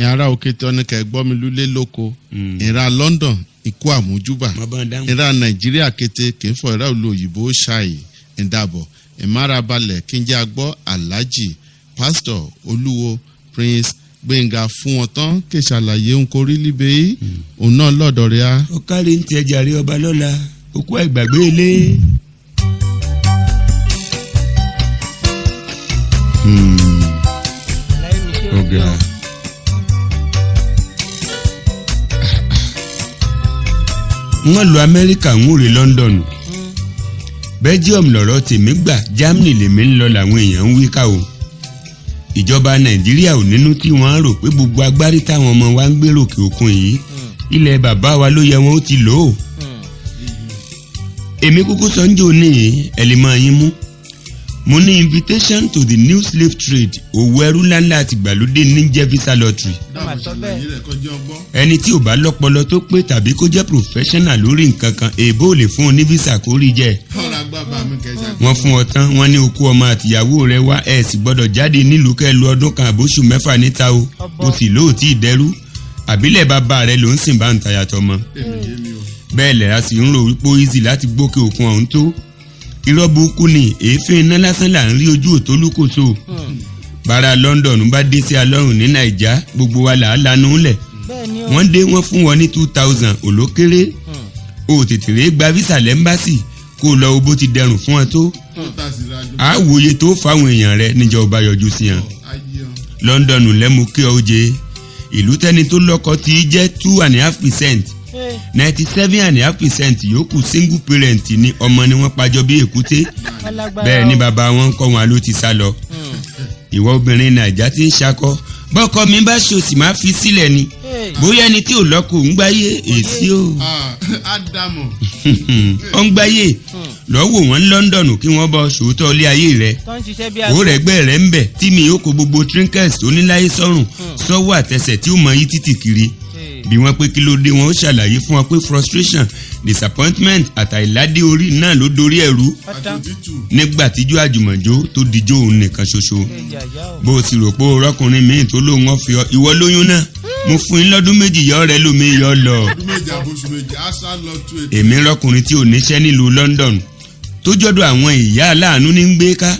ìhara òkè tí wọn ní kẹ gbọ́ mi lulẹ̀ lóko hmm. ìhara London ikú àmójúbà ìhara Nàìjíríà kété kì í fọ ìhara òlu òyìnbó ṣáì ìdàbọ̀ ìmárabalẹ̀ kí n Alhaji Pastor Olúwo Prince Gbẹ̀ngà fún wọn tán kì í ṣàlàyé ń korí líbe yìí hmm. òun náà lọ́dọ̀ rẹ̀ á. ó ń tiẹ̀ jàre ọba lọ́la òkú àgbàgbé ilé. Mm. Okay. Yeah. wọ́n lọ amẹ́ríkà ń wúre london belgium lọ̀rọ̀ tèmi gbà germany lèmi ń lọ làwọn èèyàn ń wí ká o ìjọba nàìjíríà ò nínú tí wọ́n á rò pé gbogbo agbárí táwọn ọmọ wa ń gbèrò òkè òkun yìí ilẹ̀ bàbá wa ló yẹ wọn ó ti lò ó hmm. èmi kúkú sọ ń jò ní ẹ̀lìmọ̀ yín mú mo ní invitation to the new slave trade òwò ẹrú ńláńlá àti ìgbàlódé níjẹ́ visa lottery. ẹni tí ò bá lọ́pọlọ tó pé tàbí kó jẹ́ professional lórí nǹkan kan èèbó lè fún un ní visa kó rí jẹ́. wọ́n fún ọ tán wọ́n ní okú ọmọ àtìyàwó rẹ wá ẹ̀ sì gbọ́dọ̀ jáde nílùú kẹlu ọdún kan àbóṣù mẹ́fà níta o o sì lóòtì ìdẹ́rú àbílẹ̀ bàbá rẹ ló ń sìn bá ń tayàtọ̀ mọ́. Hmm. bẹ́ẹ̀ lẹ́ra sì ń rò wípé easy láti gbókè òkun ọ̀hún tó irọ́ burúkú ni èéfín iná lásán là ń rí ojú òtólúkòso hmm. bára London bá dé sí alọ́run ní nàìjà gbogbo wa là á lanu lẹ̀ wọ́n dé wọ́n fún wọn ní two thousand olókéré hmm. o tètè rè gba visa lẹ́mbàsì kó lọ o bó ti dẹrùn fún ọ tó hmm. a wòye tó fáwọn èèyàn rẹ níjọba yọjú sí yàn London lẹ́mu kí ọ jẹ ìlú tẹ́ni tó lọ́kọ tí í jẹ́ two and a half percent ninety seven and a half percent yòókù single parent ni ọmọ ni wọ́n pàjọ bí èkúté bẹ́ẹ̀ ni bàbá wọn kọ́ wọn ló ti sá lọ hmm. ìwọ obìnrin nàìjà ti ń ṣakọ bọ́kọ mi bá ṣòsì máa fi sílẹ̀ ni bóyá ẹni tí ò lọ́kọ ń gbáyé èsì o hmm. ah, ó ń gbáyé hmm. lọ́wọ́ wọn London kí wọ́n bọ ṣòótọ́ ilé ayé rẹ̀ ó rẹ̀gbẹ́ rẹ̀ ń bẹ̀ tí mi yóò kó gbogbo trinkets oníláyé sọ́rùn sọ́wọ́ àtẹsẹ̀ tí ó mọ yí títì kiri bí wọ́n pé kí ló dé wọn ó ṣàlàyé fún wọn pé frustration disappointment àtàìládé orí náà ló dorí ẹ̀rú nígbà tíjó àjùmọ̀jó tó dijó òun nìkan ṣoṣo bó o sì rò pé ọrọkùnrin míì tó lóun ọ̀fi ìwọ lóyún náà mo fún yín lọ́dún méjì yọ rẹ lómi yọ lọ. èmi rọkùnrin tí ò níṣẹ́ nílùú London tó jọ́dọ̀ àwọn ìyá aláàánú ní ń gbé ká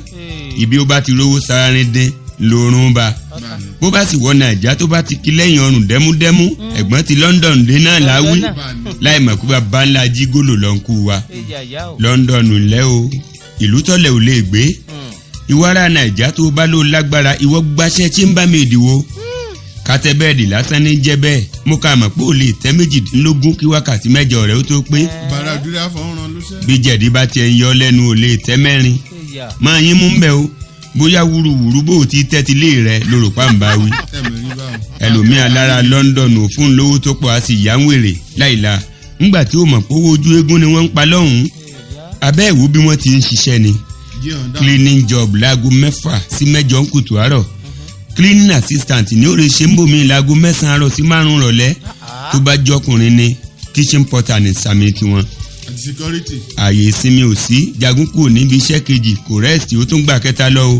ibi ó bá ti rówó sáárín dín lórun bá. Amen bó bá sì wọ nàìjà tó bá ti kí lẹ́yìn ọrùn dẹ́múdẹ́mú mm. ẹ̀gbọ́n ti London dé náà láwí láì mọ̀ kó bàbá ńlá jí gòlò lọ́nkú wa London ńlẹ́ o ìlú tọ́lẹ̀ ò lè gbé mm. ìwárà nàìjà tó bá ló lágbára ìwọ gbaṣẹ́ tí ń bá mi ìdìwọ́ mm. kátẹ́bẹ́ẹ̀dì lásán ní jẹ́ bẹ́ẹ̀ mo kà mọ̀ pé ò lè tẹ́ méjìdínlógún kí wákàtí mẹ́jọ rẹ̀ ó tó pé eh. bí jẹ̀dí bá tiẹ̀ ń yọ lẹ́nu ò lè tẹ́ mẹ́rin máa yín mú ń bẹ́ o bóyá wúruwúru bó ti tẹ́tílé rẹ lóró pàǹbáwí ẹlòmíì alára London òfun lówó tó pọ̀ á sì yá wèrè láìla ńgbà tí ó mọ̀ pé owó ojú eégún ni wọ́n ń pa lọ́hùn-ún abẹ́ ìwú bí wọ́n ti ń ṣiṣẹ́ ni cleaning job láago mẹ́fà sí mẹ́jọ ń kùtù àárọ̀ cleaning assistant ní ó lè ṣe mẹ́sàn-án àárọ̀ sí márùn-ún rọ̀lẹ́ tó bá jọkùnrin ni kitchen porter ní sàmì tiwọn security. ààyè ìsinmi ò sí jagun kù níbi iṣẹ́ kejì kò rẹ́ẹ̀sì ó tún gbà kẹta lọ o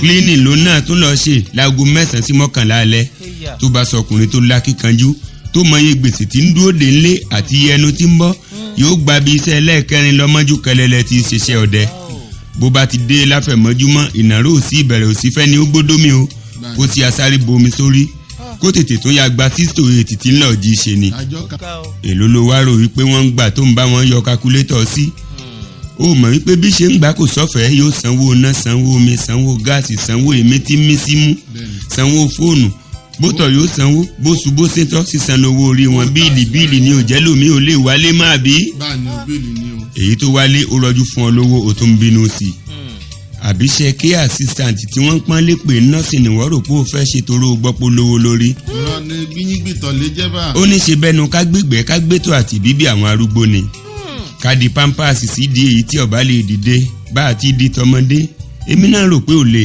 kílínì ló náà tún lọ ṣe láago mẹ́sàn-án sí mọ́kànlá alẹ́ tó bá sọkùnrin tó lákìkanjú tó mọye gbèsè tí ń dúró dé ńlé àti ẹnu tí ń bọ́ hmm. yóò gba bí iṣẹ́ ẹlẹ́ẹ̀kẹrin lọ́mọ́jú kẹlẹ́lẹ́ ti ṣiṣẹ́ ọdẹ bó bá ti dé láfẹ̀mọ́júmọ́ ìnáró òsì ìbẹ̀rẹ̀ òsì fẹ́ ni ó gbódómi o kó ti asáré bomi sórí kó tètè tó ya gba títò ètìtì náà di ṣe ni èló ló wá rò wípé wọ́n ń gbà tó ń bá wọn yọ kakulétọ̀ sí ó mọ̀ wípé bí ṣe ń gbà kò sọ́fẹ̀ẹ́ yóò sanwó iná sanwó omi sanwó gáàsì sanwó èmétímísímú sanwó fóònù bótọ̀ yóò sanwó bó ṣubó sétọ́ sísan owó orí wọn bíìlì bíìlì ni ò jẹ́ lómi ò lè wálé má bí èyí tó wálé ó rọjú fún ọ lówó ó tún bínú sí i àbí ṣe kí assistant tí wọ́n ń pọ́n lé pé nọ́ọ̀sì ni wọ́n rò pé ó fẹ́ ṣe toró gbọ́pọ̀ lówó lórí. ìrọ̀ ni gbìyìngbìtàn lè jẹ́ bá. ó ní ṣe bẹ́nu ká gbígbẹ́ ká gbétò àti bíbí àwọn arúgbó ni. ká di pampers sí di èyí tí ọba lè dìde bá a ti di tọmọdé èmi náà rò pé ò lè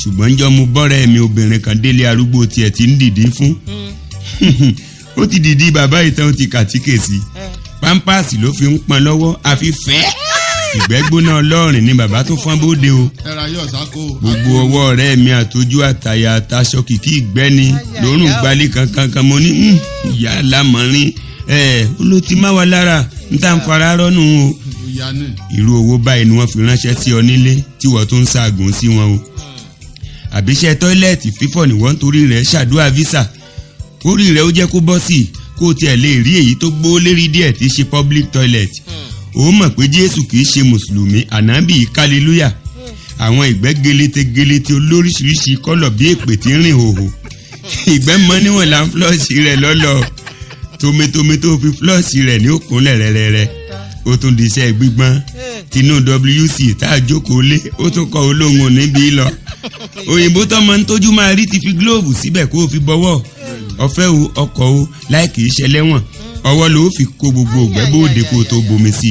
ṣùgbọ́n jọ mo bọ́rẹ̀ mi obìnrin kan délé arúgbó tiẹ̀ ti ń dìde fún. ó ti dìde bàbá ìtàn ti kàtíkèsí eh. pampers ló fi ń pọn lọ́wọ́ àfi fẹ́ẹ́ ìgbẹ́ gbóná ọlọ́rìn ni bàbá tó fọ́n bóde o gbogbo ọwọ́ ọ̀rẹ́ mi àtọ́jú àtàyà àtàṣọ kìkì ìgbẹ́ni lórùn gbalẹ̀ kankan kan mo ní hmm, ìyá alámọ̀rin ẹ̀ ló ti má wa lára n tá n fara rọ́nù o irú owó báyìí ni wọ́n fi ránṣẹ́ sí ọ nílé tí wọ́n tún ń ṣaagùn sí wọn o àbíṣẹ́ tọ́ílẹ̀tì fífọ̀ ni wọ́n torí rẹ̀ ṣàdúrà visa kórì rẹ̀ ó jẹ́ kó bọ́ sí kó tiẹ̀ lè rí èyí tó gbó lérí díẹ̀ public toilet. Hmm ó mọ̀ pé jésù kì í ṣe mùsùlùmí ànábì kálílúyà àwọn ìgbẹ́ gelete gelete olóríṣiríṣi kọ́lọ̀ bí èpè tí ń rìn hòhò ìgbẹ́ mọ́ níwọ̀n la ń flọ́ọ̀sì rẹ̀ lọ́lọ́ tometome tó fi flọ́ọ̀sì rẹ̀ ní òkúnlẹ̀ rẹ̀rẹ̀rẹ̀ ó tún di iṣẹ́ gbígbọ́n tinú wc tá a jókòó lé ó tún kọ olóhùn níbí lọ òyìnbó tọmọ ń tójú máa rí ti fi gílóòbù síbẹ̀ kó o fi bọ́wọ́ ọ̀fẹ́ o ọkọ̀ o láì kì ṣẹlẹ́wọ̀n ọwọ́ ló fi kó gbogbo ògbẹ́ bóde kó tó bomi sí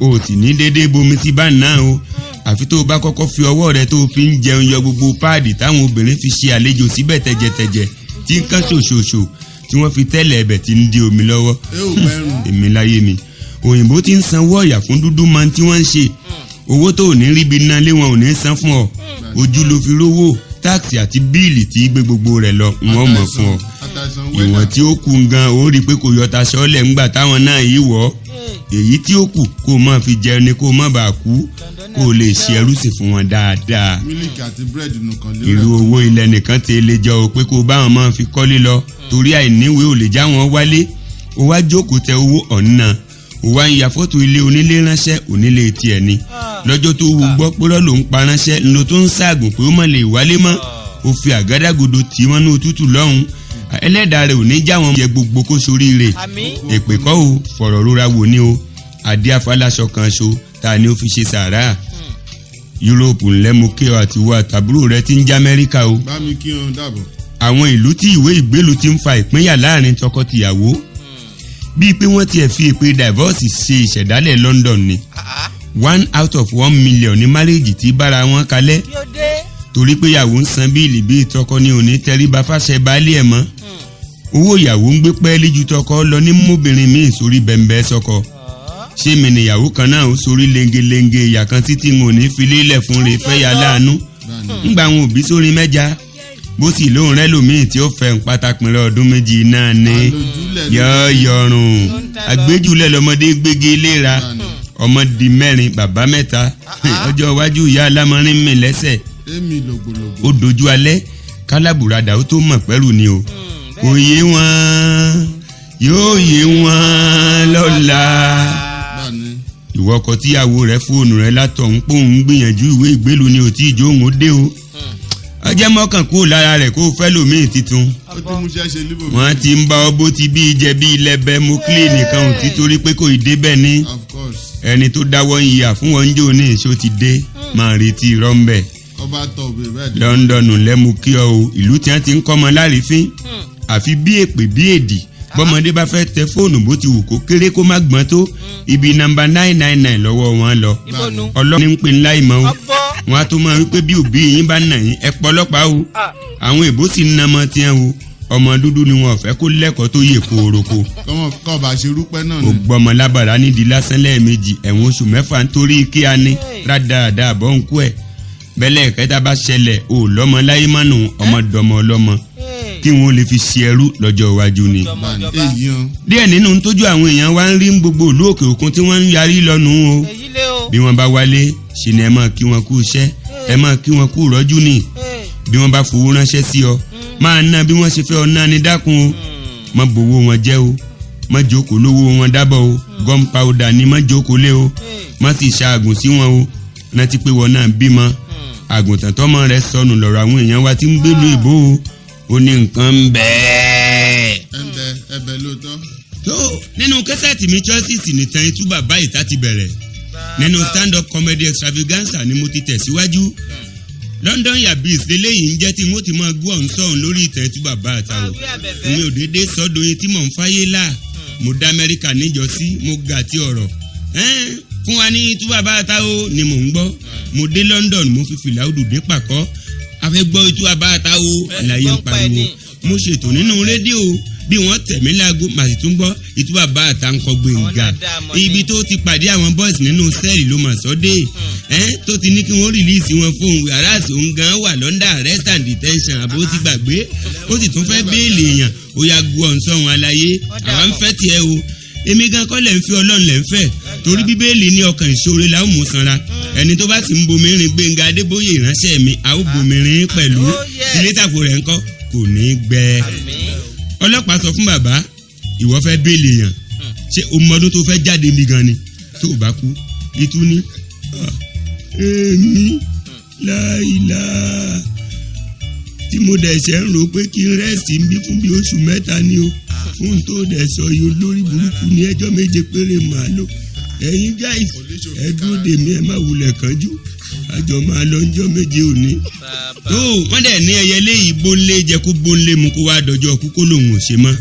i o tì ní déédéé bomi sí bá náà o àfi tó o bá kọ́kọ́ fi ọwọ́ rẹ tó o fi ń jẹun yọ gbogbo páàdì táwọn obìnrin fi ṣe àlejò síbẹ̀ tẹ̀jẹ̀tẹ̀jẹ̀ tí nǹkan ṣòṣòṣò tí wọ́n fi tẹ́lẹ̀ ẹ̀bẹ̀ tí ń di omi lọ́wọ́ èmi láyé mi òyìnbó ti ń sanwó ọ̀yà fún dúdú máa tí wọ́n ń ṣe owó tó ò ní ríbi ná lé wọn ò ní san fún ọ ojú ló fi rówó táàkì àti bíìlì tí gbé gbogbo rẹ̀ lọ ń wọ́n fún ọ ìwọ̀n tí ó kù gan ó rí i pé kò yọta sọ́ọ̀lẹ̀ ńgbà táwọn náà yìí wọ̀ hmm. èyí tí ó kù kó o fi jẹun ni kó má bàa kú kó lè ṣe ẹrú sí fún wọn dáadáa. mílíkì owó ilẹ̀ nìkan ti lè jọ o pé kó bá wọn máa fi kọ́lé lọ hmm. torí àìníwèé ò lè já wọn wálé o wá jókòó tẹ owó ọ̀nà o wá ń ya fọ́tò ilé onílé ránṣẹ́ onílé tiẹ̀ ni hmm. lọ́jọ́ tó wù gbọ́ pé lọ́ ló ń pa ránṣẹ́ ńlọ tó ń ṣaàgùn pé ó má lè wálé mọ́ o fi àgádágodo tì í mọ́nú òtútù lọ́hùn-ún ẹlẹ́dàá rẹ̀ ò ní já wọn yẹ gbogbo kó soríire èpè kọ́ o fọ̀rọ̀ rora wò ni o adé afálásọ kan so ta ni ó fi ṣe sàárà hmm. yúróòpù ńlẹ́ mo kí ọ àti wo àtàbúrò rẹ ti ń já amẹ́ríkà o. bá mi kí ọ dàbọ̀. àwọn ìlú tí ìwé ìgbélu ti ń fa ìpínyà láàrin tọkọ hmm. bíi pé wọ́n tiẹ̀ fi èpè divorce ṣe ìṣẹ̀dálẹ̀ London ni one out of one million ní márèèjì tí bára wọn kalẹ̀ torí pé yàwó ń san bíìlì bíi tọkọ ni òní tẹríba fàṣẹ baálé ẹ̀ mọ́ owó ìyàwó ń gbé pẹ́ẹ́lí ju tọkọ lọ ní móbìnrin míì sórí bẹ́ńbẹ́ sọkọ ṣé mi nìyàwó kan náà ó sórí lengelenge ìyà kan títí n ò ní fi lélẹ̀ fún re fẹ́yà láàánú ńgbà àwọn òbí sórí mẹ́ja bó sì lóun rẹ lòmíì tí ó fẹ́ ń pátápínlẹ̀ ọdún méjì náà ni yọ̀ọ̀yọ̀rùn àgbéjúlẹ̀ lọmọdé gbégi léra ọmọ di mẹ́rin bàbá mẹ́ta ọjọ́ iwájú ìyá alámọrin mi lẹ́sẹ̀ ó dojú alẹ́ kálábùradà ó tó mọ̀ pẹ́rù ni o. Mm òye wọn yóò yé wọn lọ́la ìwọ ọkọ tíyàwó rẹ fóònù rẹ látọ̀ ń pòun ń gbìyànjú ìwé ìgbélu ni ò tí ìjó òun ó dé o ọjọ́ hmm. mọ́kàn kúrò lára rẹ̀ kó fẹ́ lòmíì tuntun wọ́n ti ń bá ọ bó ti bí jẹ bí lẹ́bẹ̀ mo clean nìkan ò ti torí pé kò ì débẹ̀ ní ẹni tó dáwọ́ ìyà fún wọn jò ní èso ti dé hmm. máa retí rọ́ńbẹ́ London lẹ́mu kí ọ o ìlú tí wọ́n ti ń kọ́ ọmọ lárífín àfi bí èpè bí èdì bọ́mọdé bá fẹ́ tẹ fóònù bó ti wù kó kéré kó má gbọ́n tó ibi nàmbà nine nine nine lọ́wọ́ wọn lọ ọlọ́run ń pè ńlá ìmọ̀ o wọn á tó máa wípé bí òbí yín bá nà yín ẹ pọlọ́pàá o ah. àwọn èbó sì ń namọ tiẹ̀ o ọmọ dúdú ni wọn fẹ́ kó lẹ́kọ̀ọ́ tó yẹ kóoroko. kọ́mọ kọ́ bá ṣe rúpẹ́ náà ni. ògbọ́mọ lábàrá nídìí lásán lẹ́ẹ̀mejì ẹ̀wọ̀n oṣù mẹ́fà nítorí kí a ní rádaràdà àbọ̀ ń kú ẹ̀ bẹ́lẹ̀ kẹta bá ṣẹlẹ̀ ò lọ́mọ láyé mọ́nù ọmọ dọmọ ọlọ́mọ kí wọn lè fi ṣe ẹrú lọ́jọ́ iwájú ni. díẹ̀ nínú tójú àwọn èèyàn wa ń rí gbogbo ìlú òkè òkun tí wọ́n ń yarí lọ́nu o bí wọ́n bá wálé ṣe ni ẹ máa kí wọn kú iṣẹ́ ẹ máa kí wọn kú ìrọ́jú ni bí wọ́n bá fowó ránṣẹ́ sí ọ hmm. máa ná bí wọ́n ṣe fẹ́ ọ náà ni dákun o hmm. má bòwó wọn jẹ́ o má jókòó lówó wọn dábọ̀ o hmm. gum powder ni má jókòó lé o má sì ṣaagùn sí wọn o rántí pé wọn náà bímọ àgùntàn tọmọ rẹ sọnù lọ́rọ̀ àwọn èèyàn wa ti ń gbélú ìbò o ó ní nǹkan ń bẹ́ẹ̀. ẹ bẹ ẹ bẹ lóòótọ́. tó nínú kẹsẹ̀tì mi choices nìtàn itú bàbá ìta ti bẹ̀rẹ̀ nínú stand up comedy extravaganza ni mo ti tẹ̀síwájú London yabis leléyìí ń jẹ́ tí mo ti máa gbọ́ ọ̀hún sọ̀hún lórí ìtàn itú bàbá àtàwọ̀ mi ò dédé sọ́dọ̀yìn tí mò ń fáyé là mo dá Amẹ́ríkà níjọ́sí mo gà tí ọ̀rọ̀ fún wa ní itú bàbá àtàwọ̀ ni mò ń gbọ́ mo dé London mo fi fìlà òdùdé pàkọ́ àfẹ́gbọ́ ojú abáta o àlàyé ń pariwo mo ṣètò nínú rédíò bí wọ́n tẹ̀mí láago màsí tún gbọ́ ìtúbà bá àtà ń kọ gbẹ̀ngà ibi tó ti pàdé àwọn bọ́ọ̀sì nínú sẹ́ẹ̀lì ló mà sọ dé hmm. ẹ́ tó ti ní kí wọ́n rìlíìsì wọn fóun aráàsì òun gan wà lọ́ndà arrest and detention àbó ti gbàgbé ó sì tún fẹ́ béèlì èèyàn ó yà gbọ́ ọ̀nsọ́hun aláyé àwọn ń fẹ́ tiẹ̀ o èmi gan kọ́ lẹ̀ ń fi ọlọ́run lẹ̀ ń fẹ́ torí bíbélì ní ọkàn ìṣòro la ó mú sanra ẹni tó bá sì ń bomirin gbẹ̀ngà adébóyè ìránṣẹ́ mi a ó bomirin pẹ̀lú ilé tàkó rẹ̀ ńkọ́ kò ní í gbẹ. ọlọ́pàá sọ fún bàbá ìwọ fẹ́ bẹ́ẹ̀lì yàn ṣé o tó fẹ́ jáde mi gan ni tó o bá kú itú ní. èmi láìla tí mo dẹ̀ ṣe ń rò pé kí n rẹ́sì ń bí fún bí oṣù mẹ́ta ni o fún tó dẹ̀ yìí olórí burúkú ní ẹjọ́ méje péré màá lò ẹ̀yin guys ẹ dúró dè má wulẹ̀ kánjú àjọ máa lọ ọjọ́ méje òní. tó wọ́n dẹ̀ ní ẹyẹ léyìí gbóńlé jẹ kó gbóńlé mu kó wá dọjọ́ kú lòun ò ṣe mọ́.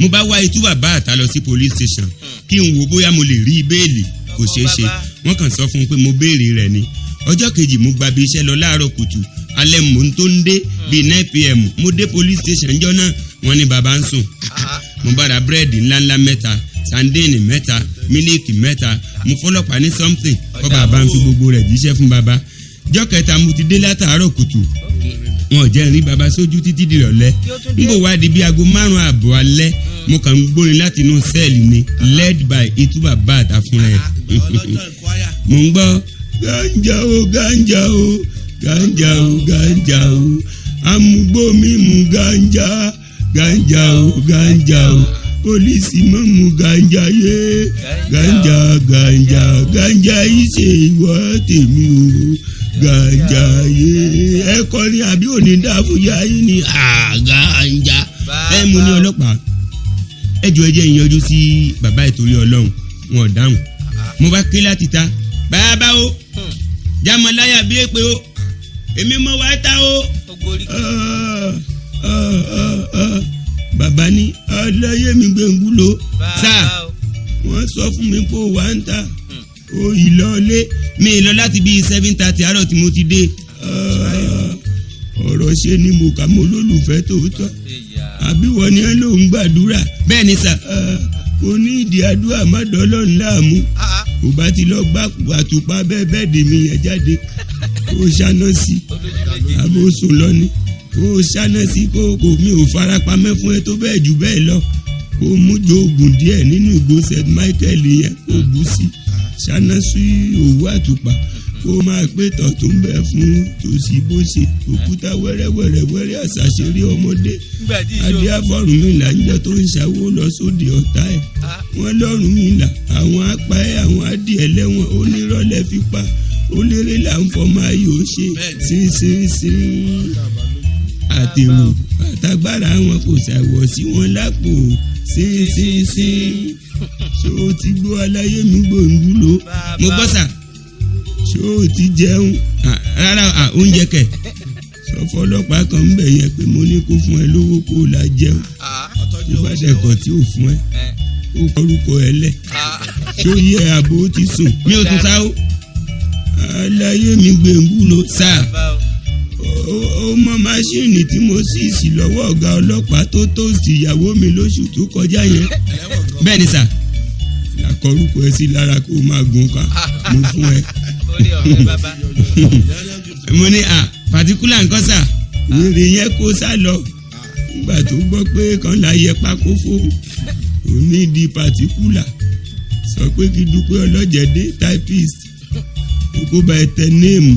mo bá wá itú bàbá àtà lọ sí police station hmm. kí n wo bóyá mo lè rí béèlì kò ṣeé ṣe wọ́n kàn sọ fún pé mo béèrè rẹ̀ ni ọjọ́ kejì mo gba iṣẹ́ lọ láàárọ̀ kùtù alẹ́ mò ń tó ń dé bíi hmm. nine pm mo dé police station jọ náà wọ́n ní baba ń sùn mo bára búrẹ́dì ńláńlá mẹ́ta sandéènì mẹ́ta mílíìkì mẹ́ta mo fọlọ́pàá ní something kọ́ baba ń fi gbogbo rẹ̀ jíṣẹ́ fún baba jọ́ kẹta mo ti dé látàárọ̀ kùtù wọn ò jẹ́ rí baba sójú títí di ìrọ̀lẹ́ n kò wá di bí aago márùn ààbọ̀ alẹ́ mo kàn ń gbórin láti inú sẹ́ẹ̀lì ni led by ituba bat afúnra ẹ̀ mo ń gbọ́ ganja o ganja o ganja o ganja o amúgbó mímu ganja ganja o ganja o polisi mọ̀ mú ganja ye, ganja ganja ganja yìí ṣe ìwọ tèmi o ganja ye. ẹ kọ́ ní àbí òní dáfúyà yìí ni àgànjà ẹ mú ní ọlọ́pàá ẹ jọ ẹ jẹ́ ìyanjú sí bàbá ìtòrí ọlọ́run wọn ò dáhùn mo bá ké láti ta bàbá o jámọ láyà bí èpè o èmi mọ wá ta o bàbá ní aláyé mi gbẹ̀ngúlò sáà wọ́n sọ fún mi pé wà ń ta òyì hmm. lọ́lé mi lọ láti bíi seven thirty àárọ̀ tí mo ti dé ọ̀rọ̀ ṣe ni mo kà mọ́ olólùfẹ́ tòótọ́ àbí wọ́n ní ẹ lóun gbàdúrà bẹ́ẹ̀ ni sà kò ní ìdí àdúrà má dọ́lọ́ ńláàmú ah, ah. kò bá ti lọ gbá àtùpà bẹ́ẹ̀ bẹ́ẹ̀ dèmi yẹn jáde kò ṣáná sí i àbó kó o ṣáná sí kókò mi ò farapamẹ́ fún ẹ tó bẹ́ẹ̀ jù bẹ́ẹ̀ lọ kó o mú jo oògùn díẹ̀ nínú ìgò st michael yẹn kó o bú sí ṣáná sí òwú àtùpà kó o máa pé tọ̀ tó ń bẹ fún tòsí bó ṣe òkúta wẹ́rẹ́wẹ́rẹ́ wẹ́rẹ́ àṣàṣeré ọmọdé adé afọ́rùn mi là ń jọ tó ń ṣàwó lọ sóde ọ̀tá ẹ̀ ah. wọ́n lọ́rùn mi là àwọn apá ẹ̀ àwọn adìẹ lẹ́wọ̀n onírọ́lẹ́ fipá olérè là ń fọmọ ayò ṣe sínsínsín àtẹ̀rù àtagbára wọn kò ṣàwọ̀ sí wọn lápò ṣeéṣeéṣe ṣé o ti gbọ́ aláyé mi gbòǹdúlò mo gbọ́ sà ṣé o ti jẹun rárá oúnjẹ kẹ̀ sọ fọlọ́pàá kan ń bẹ̀ yẹn pé mo ní kó fún ẹ lówó kó o la jẹun ìbádẹ́kọ̀ tí ò fún ẹ ó kọrúkọ ẹ lẹ ṣé ó yẹ àbò ti sùn mi ò tún sá aláyé mi gbèǹgbù ló sá ọmọ máṣíìnì tí mo sì sí lọ́wọ́ ọ̀gá ọlọ́pàá tó tóòsì ìyàwó mi lóṣù tó kọjá yẹn. bẹ́ẹ̀ ni sà. làkọrúkọ ẹ sí lára kó máa gun ká mo fún ẹ. mo ní à pàtíkúlà nǹkan sà wèrè yẹn kó sá lọ nígbà tó gbọ́ pé kan láyẹ pákó fóun òní di pàtíkúlà sọ pé kí dúpẹ́ ọlọ́jẹ̀dé typist kó bá ẹ tẹ néèmù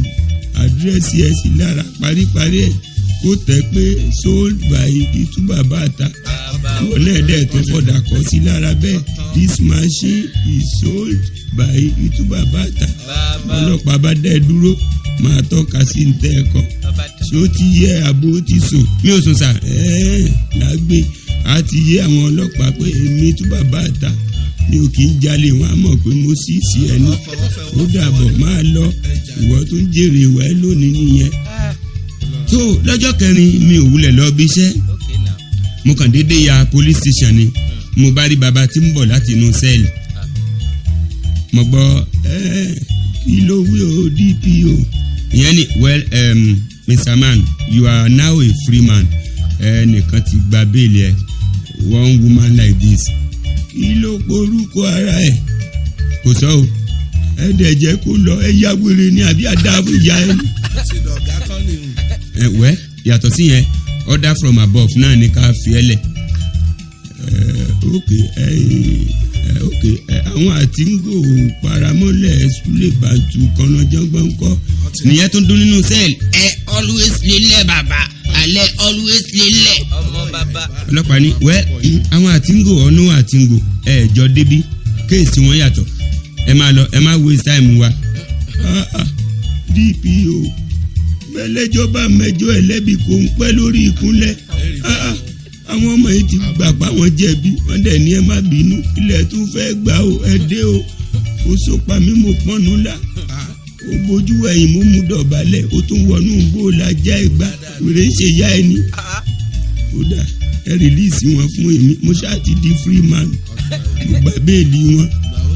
àdírẹ́sì ẹ̀ sí lára paríparí ẹ̀ kó tẹ̀ pé sold by ìtú bàbá àta ọlẹ́ẹ̀dẹ́ tó kọ̀dà kọ́ sí lára bẹ́ẹ̀ this machine is sold by ìtú bàbá àta ọlọ́pàá bá dẹ́ dúró máa tọ́ka sí ní tẹ́ ẹ kọ́ ṣé ó ti yẹ àbó ti sùn mi ò sùn sà ẹ́ẹ́ làá gbé a ti yé àwọn ọlọ́pàá pé èmi tú bàbá àta mi ò kì í jalè wọn á mọ̀ pé mo sì sí ẹni ó dàbọ̀ máa lọ ìwọ tó ń jèrè ìwà ẹ lónìí nìyẹn tó lọ́jọ́ kẹrin mi ò wulẹ̀ lọ bí iṣẹ́ mo kàn déédéé ya police station ni mo bá rí baba tí ń bọ̀ láti inú sẹ́ẹ̀lì mo gbọ́ ẹ́ẹ́ kí ló wí o DPO ìyẹn ni well um, Mr. Man you are now a free man ẹnìkan ti gba béèlì ẹ one woman like this kí ló porúkọ ara ẹ̀ kò sọ o ẹ dẹ̀ kó lọ ẹ ya ni àbí àdáàbò ìyá ẹ ni. ẹ̀wẹ́ yàtọ̀ sí yẹn order from above náà ni ká fi ẹ lẹ̀ okay okay àwọn àtìngò paramọ́lẹ̀ sulé bàtú kọ́nà jọ́gbọ́n kọ́ nìyẹn tó dún nínú sẹ́ẹ̀lì ẹ always lè lẹ́ bàbá lẹ̀ always lélẹ̀. ọmọ bàbá. ọlọ́pàá ní wẹ́ àwọn àtìngò ọ̀nù àtìngò ẹ̀ jọ débi kéèsì wọn yàtọ̀ ẹ máa lọ ẹ máa waste time wa. Ah, ah, DPO mẹlẹjọ bá mẹjọ ẹlẹ́bi kò ń pẹ́ lórí ìkúnlẹ̀ ah, àwọn ọmọ yìí ti gbà pa wọn jẹ̀bi wọn dẹ̀ ní ẹ má bínú ilẹ̀ tún fẹ́ gbà ó ẹ dé o ó sopa mímu pọ́nú ó gbójú ẹ̀yìn dọ̀bálẹ̀ ó tún wọnú bóòlà já ìgbà wèrè ń ṣe yá ẹni. kódà ẹ rìlíìsì wọn fún èmi mo ṣáà di free man mo gba béèlì wọn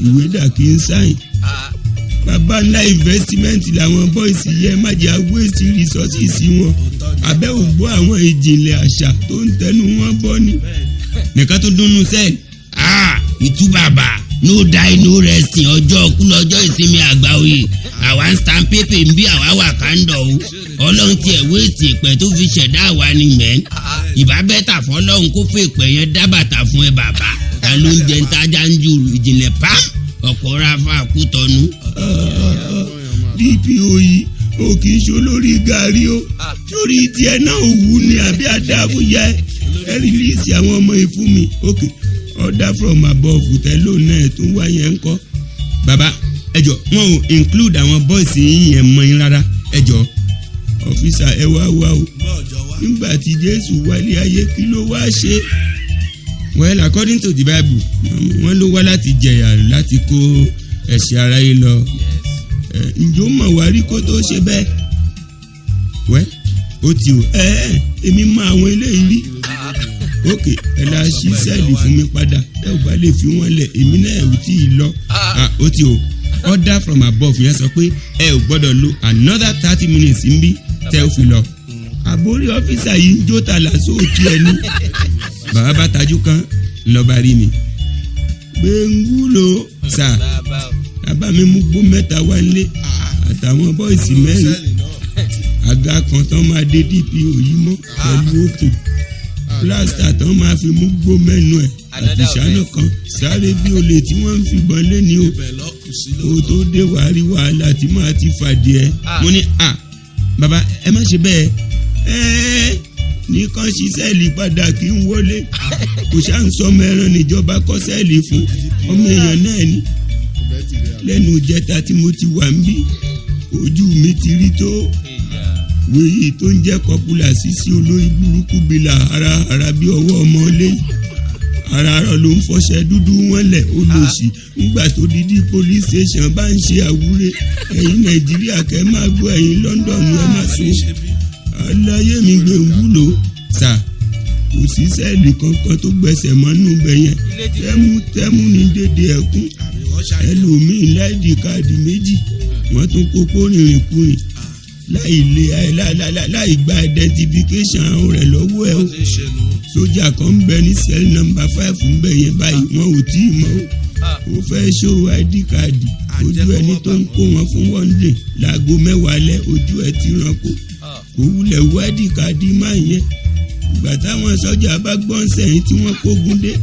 ìwé dà kí n sáyìn. bàbá ńlá investment làwọn bọ́ìsì yẹ má jẹ́ waste resources wọn abẹ́ ò gbọ́ àwọn ìjìnlẹ̀ àṣà tó ń tẹnu wọn bọ́ ni. nìkan tó dúnnú sẹ́ẹ̀ ah ìtú bàbà no die no resting ọjọ́ ọkú lọ́jọ́ ìsinmi àgbà oyè àwa ń stamp paper ń bí àwa wà kándọ̀ o ọlọ́run tiẹ̀ wé ètì ìpẹ́ tó fi ṣẹ̀dá àwa ni mẹ́ ìbá bẹ́tà fọlọ́run kó fún ìpẹ́ yẹn dábàtà fún ẹ bàbá ta ló ń jẹ ń tajà ń ju ìjìnlẹ̀ pa ọ̀pọ̀ rafa kútọ́nu. dpo yìí o kì í ṣe olórí gàrí o sórí tiẹ̀ náà òwú ni àbí adáàbò yẹ ẹ rìlíìsì àwọn ọmọ ìfún mi ókè. Okay order from above tẹ́lò náà tó wáyé ń kọ́ bàbá ẹjọ wọn ò include àwọn boys yẹn mọ́ yín rárá ẹjọ ọ̀fíìsà ẹ wá wá o nígbà tí Jésù wálé ayé kí ló wá ṣe well according to the Bible wọ́n ló wá láti jẹ̀yà láti kó ẹ̀ṣẹ̀ aráyé lọ ǹjọ́ mọ̀ wá rí kó tó ṣe bẹ́ẹ̀ wẹ́ ó ti o ẹ ẹ èmi mọ àwọn eléyìí rí. Ah ok ẹ la ṣí sẹ́ẹ̀lì fún mi padà ẹ ò bá lè fi wọ́n lẹ̀ èmi náà ò tí ì lọ ah, ó ti o order from above yẹn sọ pé ẹ ò gbọ́dọ̀ lo another thirty minutes ń bí tẹ́ ò fi lọ àbórí ọ́fíìsà yìí ń jó ta làásù òtí ẹ ní bàbá bá tajú kan lọ́ba rí mi gbẹ̀ngúlò sà bàbá mi mú gbó mẹ́ta wá nílé ah, àtàwọn bọ́ìsì mẹ́rin àga kan tán máa dé dp òyìnbó pẹ̀lú òkè plásítà tán máa fi mú gbó mẹ́nu ẹ̀ àti ṣáná kan sáré bí olè tí wọ́n ń fìbọn lé ní o o tó dé wàá rí wàhálà tí máa ti fàdí ẹ ah. mo ní à ah, bàbá ẹ má ṣe bẹ́ẹ̀ ẹ́ẹ́ nìkan ṣí sẹ́ẹ̀lì padà kí n wọlé kò ṣáà ń sọmọ ẹran níjọba kọ́ sẹ́ẹ̀lì fún ọmọ èèyàn náà ni lẹ́nu ìjẹta tí mo ti wà ń bí ojú mi ti rí tó wíyí tó ń jẹ́ kọ́pùlà sísí olórí burúkú bílà ara ara bí ọwọ́ ọmọ lẹ́yìn ara rẹ ló ń fọṣẹ dúdú wọn lẹ olóòṣì nígbà tó dídí police station bá ń ṣe àwúrè ẹ̀yin nàìjíríà kẹ máa gbọ́ ẹ̀yin London ẹ máa so aláyé mi gbé wúlò sà kò sí sẹ́ẹ̀lì kankan tó gbẹsẹ̀ mọ́nú bẹ̀ yẹn tẹ́mú tẹ́mú ní dédé ẹkún ẹlòmíín láìdí káàdì méjì wọ́n tún kó kórìnrìn kùnrin láì gba identification rẹ̀ lọ́wọ́ ẹ̀ o sójà kan ń bẹ ní cell number five ń bẹ yẹn báyìí wọn ò tí ì mọ̀ o ó fẹ́ ṣó id card ojú ẹni tó ń kó wọn fún wọ́ndé láago mẹ́wàá lẹ́ ojú ẹ ti ránkó kò wulẹ̀ wá id card máa yẹn ìgbà táwọn sọ́jà bá gbọ́n sẹ́yìn tí wọ́n kógun dé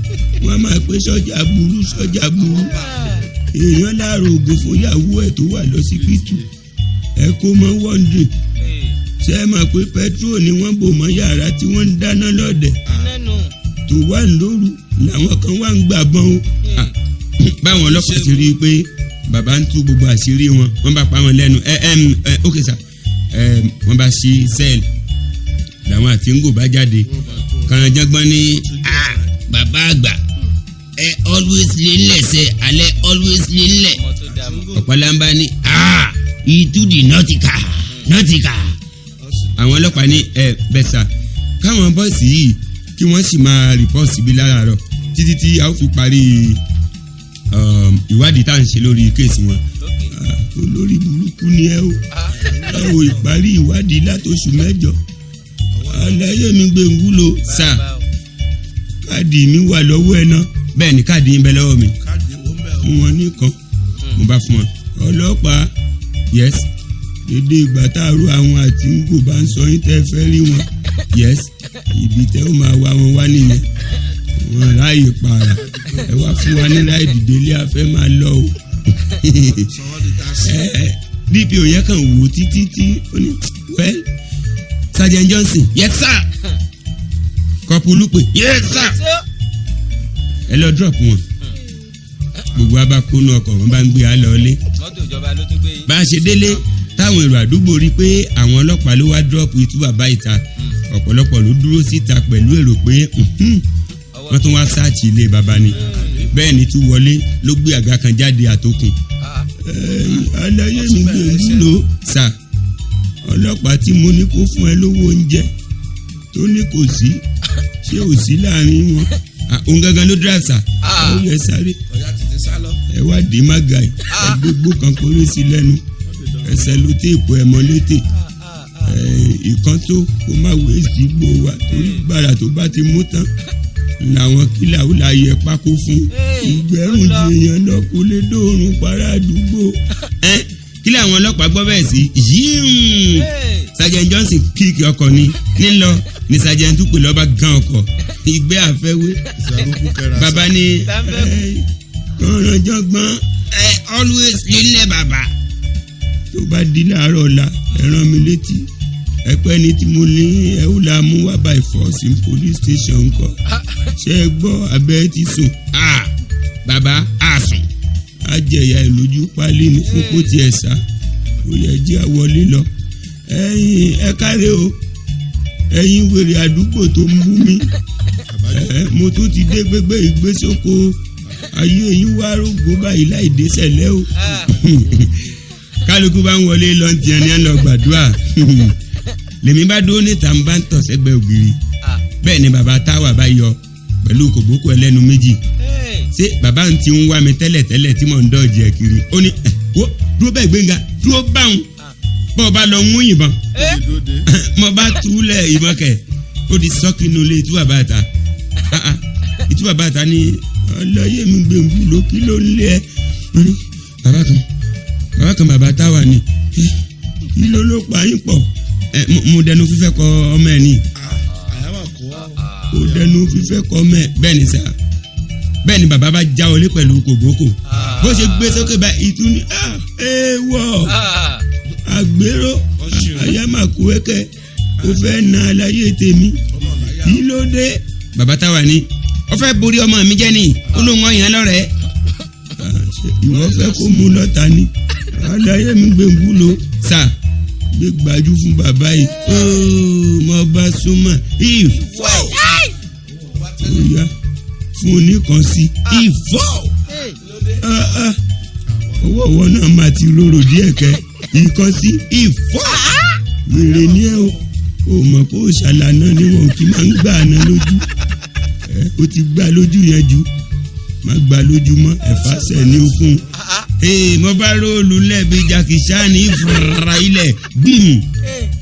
wọ́n máa pé sọ́jà burú sọ́jà burú èèyàn láàárọ̀ ògùn fún yàwó ẹ̀ tó wà lọ́sibítù ẹ kó mọ́ wọ́ndì ṣé ẹ mọ̀ pé pẹ́trol ni wọ́n bò mọ́ yàrá tí wọ́n ń dáná lọ́dẹ̀ tó wà lóru làwọn kan wà ń gbà bọ́n o. Hmm. báwọn ọlọ́pàá ti rí i pé bàbá ń tú gbogbo àṣírí wọn wọ́n bá pa wọn lẹ́nu ẹ ẹ ẹ ókè sà ẹ bá ṣí sẹ́ẹ̀lì làwọn àti ń gò bá jáde kànájàgbọ́n ní bàbá àgbà ẹ always lè lẹ̀ sẹ́ alẹ́ always lè lẹ̀ ọ̀pọ̀lọpọ̀ ní ìtúdì nọ́tìkà nọ́tìkà. àwọn ọlọ́pàá ní ẹ bẹ́sà káwọn bọ́ọ̀sì yìí kí wọ́n sì máa rìpọ́ọ̀tì síbi láràárọ̀ títí tí a ó fi parí um, ìwádìí tá à ń ṣe lórí kéèsì wọn ah, olórí burúkú ni ẹ o ẹ wo ìparí ìwádìí látòṣù mẹ́jọ aláyé mi gbé ngúlò sà káàdì mi wà lọ́wọ́ ẹ ná bẹ́ẹ̀ káàdì yín bẹ lọ́wọ́ mi wọn ní kan mo bá fún wọn ọlọ́pàá yes dédé ìgbà táàrú àwọn àti ngo bá ń sọ yín tẹ́ fẹ́ rí wọn yes ibi tẹ́ ó máa wá wọn wá nìyẹn wọn ráàyè pààrà ẹ wá fún wa ní ráìdì délé afẹ́ máa lọ o dp òyìn kan wò títí tí ó ní well sergeant johnson yes sir kọpù olùpè yes sir ẹ lọ drop wọn gbogbo wa bá kónú ọkọ̀ wọn bá ń gbé alẹ́ ọlé. bá a ṣe délé táwọn èrò àdúgbò rí pé àwọn ọlọ́pàá ló wá dúrọ́ọ̀pù itú bàbá ìta hmm. ọ̀pọ̀lọpọ̀ ló dúró síta pẹ̀lú èrò pé wọ́n tún wá sáàtì ilé bàbá ni hmm. bẹ́ẹ̀ ni tún wọlé ló gbé àga kan jáde àtòkùn ah. aláyé mi ló ń lò sà ọlọ́pàá tí mo ní kó fún ẹ lówó oúnjẹ tó ní kò sí ṣé ò sí láàrin wọn ah, òun gangan ló dúrà sà ah. ó yẹ sáré ẹ̀wà dímágàì ah. gbogbo kan kórè sí lẹ́nu ẹsẹ̀ ló téèpù ẹ̀mọ́ létè ah, ah, ìkan tó kó má wéèsì gbó wa torí gbàrà tó bá ti mú tán làwọn kílà ó la yẹ pákó fún ìgbẹ́rùn jèèyàn náà kó lè dóorùn para àdúgbò. kílà àwọn ọlọ́pàá gbọ́ bẹ́ẹ̀ sí yíyún sergeant johnson kíkì ọkọ̀ ni nílọ ni sergeant tó pè lọ́ba gan ọkọ̀ ìgbẹ́ àfẹ́wé baba ni ọ̀rànjọ́gbọ́n ẹ always nílẹ̀ bàbá. tó bá di láàárọ̀ ọ̀la ẹ rán mi létí ẹ pẹ́ ni tí mo ní ẹ ó la mú wá by force in police station ńkọ́ ṣé ẹ gbọ́ abẹ́ ti sùn bàbá àsùn á jẹ̀yà ìlójú pálí ní fún kó tiẹ̀ sá kò yẹ jí àwọlé lọ ẹ̀yin ẹ kárẹ́ o ẹ̀yin wèrè àdúgbò tó ń bú mi mo tún ti dé gbégbé ìgbésóko ayé yín wá rògbò báyìí láì dé sẹ̀lẹ̀ o ah. kálukú bá ń wọlé lọ́ntì ẹni ẹ̀ lọ gbàdúrà lèmi bá dúró níta ń bá ń tọ̀ sẹ́gbẹ́ ògiri ah. bẹ́ẹ̀ ni bàbá táwa bá yọ pẹ̀lú kòbókò ẹlẹ́nu méjì ṣé bàbá ń ti ń wá mi tẹ́lẹ̀ tẹ́lẹ̀ tí mò ń dọ̀jì kiri ó ní eh, wo dúró bẹ́ẹ̀ gbẹ̀ngà dúró báwọn ah. bọ́ ọ bá lọ mú ìbọn eh. mo bá túlẹ̀ ìbọn kẹ̀ ó di sọ́kínú ilé ìtúwàbàtà ìtúwàbàtà ní aláyé mi gbẹ̀ngù ló kí ló ń lé ẹ. bàbá kan bàbá kan bàbá táwa ni kí ló ló pa yín pọ̀ mo dẹnu fífẹ́ kọ ọmọ ẹ ni. mo dẹnu fífẹ́ kọ ọmọ ẹ bẹ́ẹ̀ ni sá bẹ́ẹ̀ ni bàbá bá já wọlé pẹ̀lú kòbókò bó ṣe gbé sókè bá ìtú ni èèwọ̀ àgbérò àyàmàkú ẹ̀kẹ́ kò fẹ́ na aláyé tèmi kí ló dé. bàbá táwa ni ó fẹ́ borí ọmọ mi jẹ́ ni ó lóun ọ̀yàn lọ́rẹ̀ẹ́. ìwọ fẹ́ kó mú lọ́ta ni adáyé mi gbé wúlò sà gbé gbajú fún bàbá yìí mo bá súnmọ́ ìfọ́ òyà fún oníkan sí ìfọ́ ah, ah. owó ọwọ́ náà máa ti rorò díẹ̀ kẹ́ nǹkan sí ìfọ́ ah, wèrè ní ẹ o ò mọ̀ kó ṣàlànà níwọ̀n kí máa ń gbà àná lójú ó ti gbá lójú yẹn jù má gbá lójú mọ́ ẹ̀fà sẹ̀ ní okun ee mo bá róòlù lẹ́ẹ̀bi jakisa ní fúra ilẹ̀ gbìm.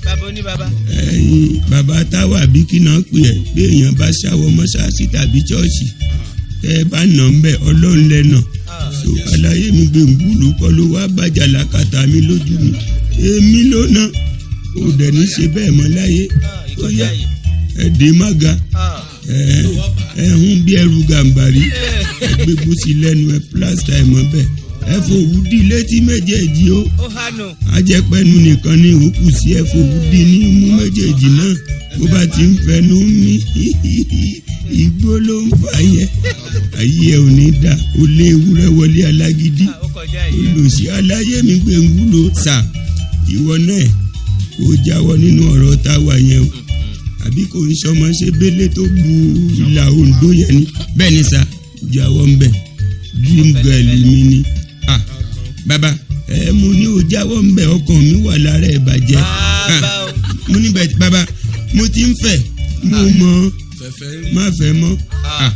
bàbá oní bàbá. ẹyin bàbá táwa àbí kí náà pè ẹ bí èèyàn bá ṣàwọ mọ́ṣáláṣí tàbí ṣọ́ọ̀ṣì tẹ ẹ bá nà ń bẹ ọlọ́run lẹ́nà so àlàyé mi gbẹ̀ngù ló kọ́ ló wá bàjá làkàtà mi lójú mi èmi ló ná ò dẹ̀ ní ṣe bẹ́ẹ̀ mọ́ láyé ah, ó yá ẹ̀dín má ga. Ah ẹ ń bí ẹrù gàǹbàrí gbégbó sí lẹ́nu ẹ plásítà ẹ̀ mọ́ bẹ́ẹ̀ ẹ fòwú di létí méjèèjì o ajẹpẹnu nìkan ni òkú sí ẹ fòwú di ní imú méjèèjì náà bó bá ti ń fẹnu mí igbó ló ń fà yẹ ayé ẹ ò ní dà ó lé ewúrẹ́ wọlé alágídí ah, olùsí aláyé mi gbé ń wúlò sà ìwọ náà kò jáwọ́ nínú ọ̀rọ̀ táwa yẹn o àbí kò ń sọmọ ṣe bẹ́lẹ̀ tó bu ìlà òǹdó yẹn ni bẹ́ẹ̀ ni sà jàwọ́ ń bẹ̀ dream girl mi ni ah baba, ẹ mo ní o jáwọ́ ń bẹ̀ ọkàn mi wà lára ẹ̀ bàjẹ́ ah, mo ní bàbá mo ti ń fẹ́ mo mọ má fẹ́ mọ́ ah